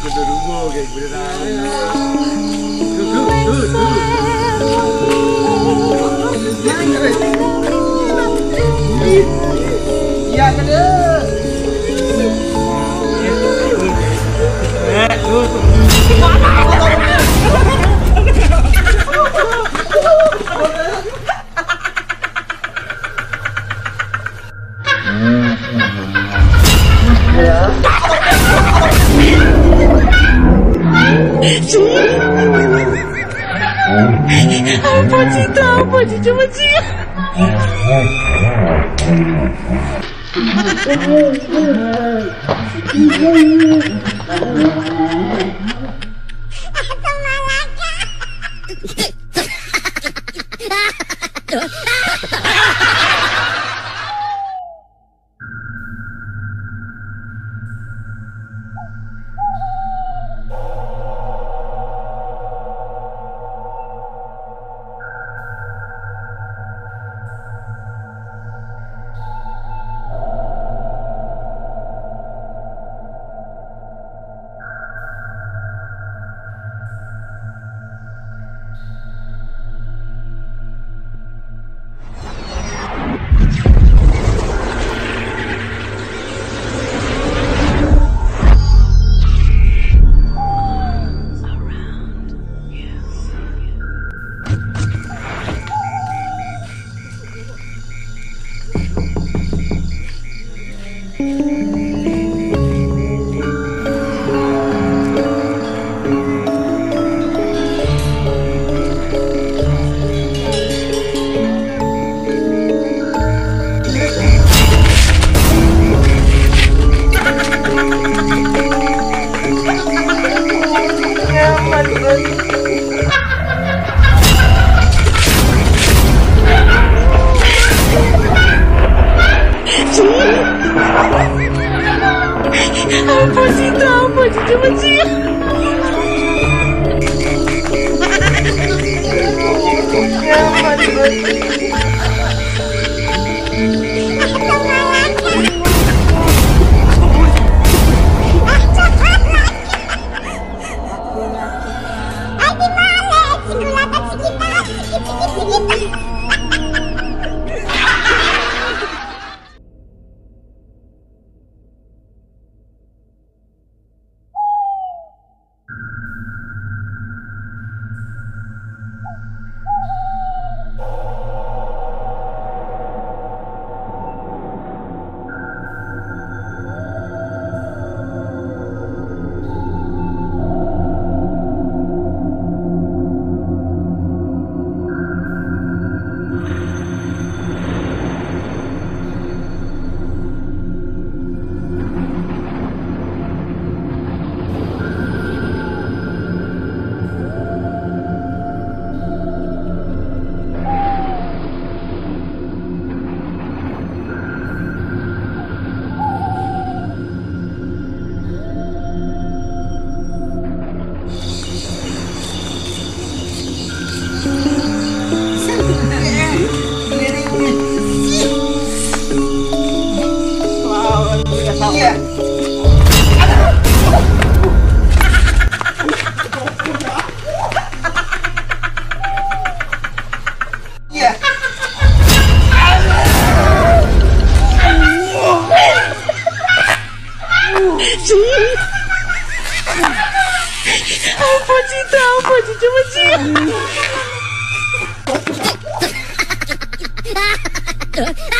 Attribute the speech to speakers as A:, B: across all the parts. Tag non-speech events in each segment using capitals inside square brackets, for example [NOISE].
A: Kudu iya,
B: rumo 我不知道，不知怎么知道。
A: 哈哈哈！哈哈哈！哈哈哈！怎么来哈哈哈！哈哈哈！哈哈哈！
B: 不行得，不记得，不记。
A: Ah!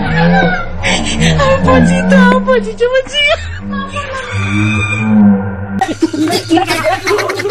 B: 不知道，不知道，不知道。
A: [LAUGHS]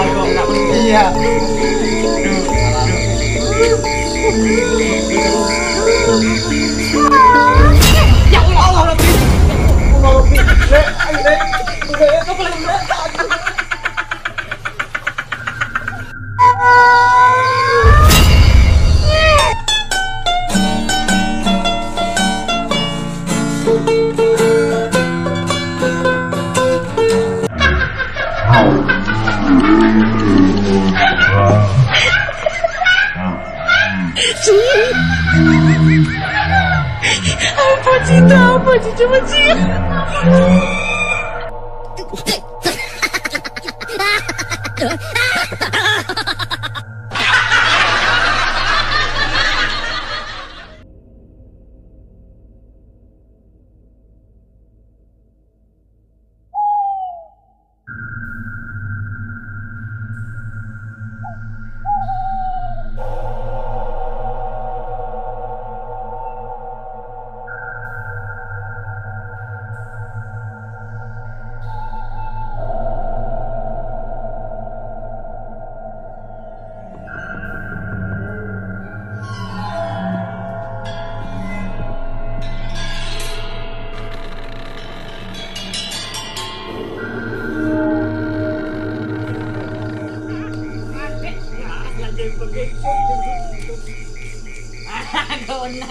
A: 大哥，弟弟。
B: putinho, não, putinho, [LAUGHS] putinho.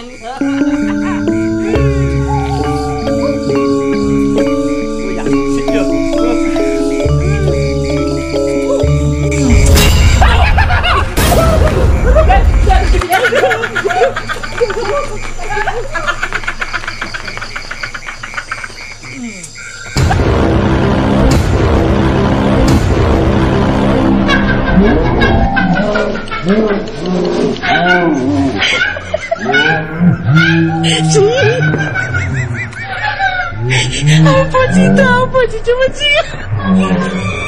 A: [LAUGHS] 哎，吓死你！不记得，
B: 不记，么记。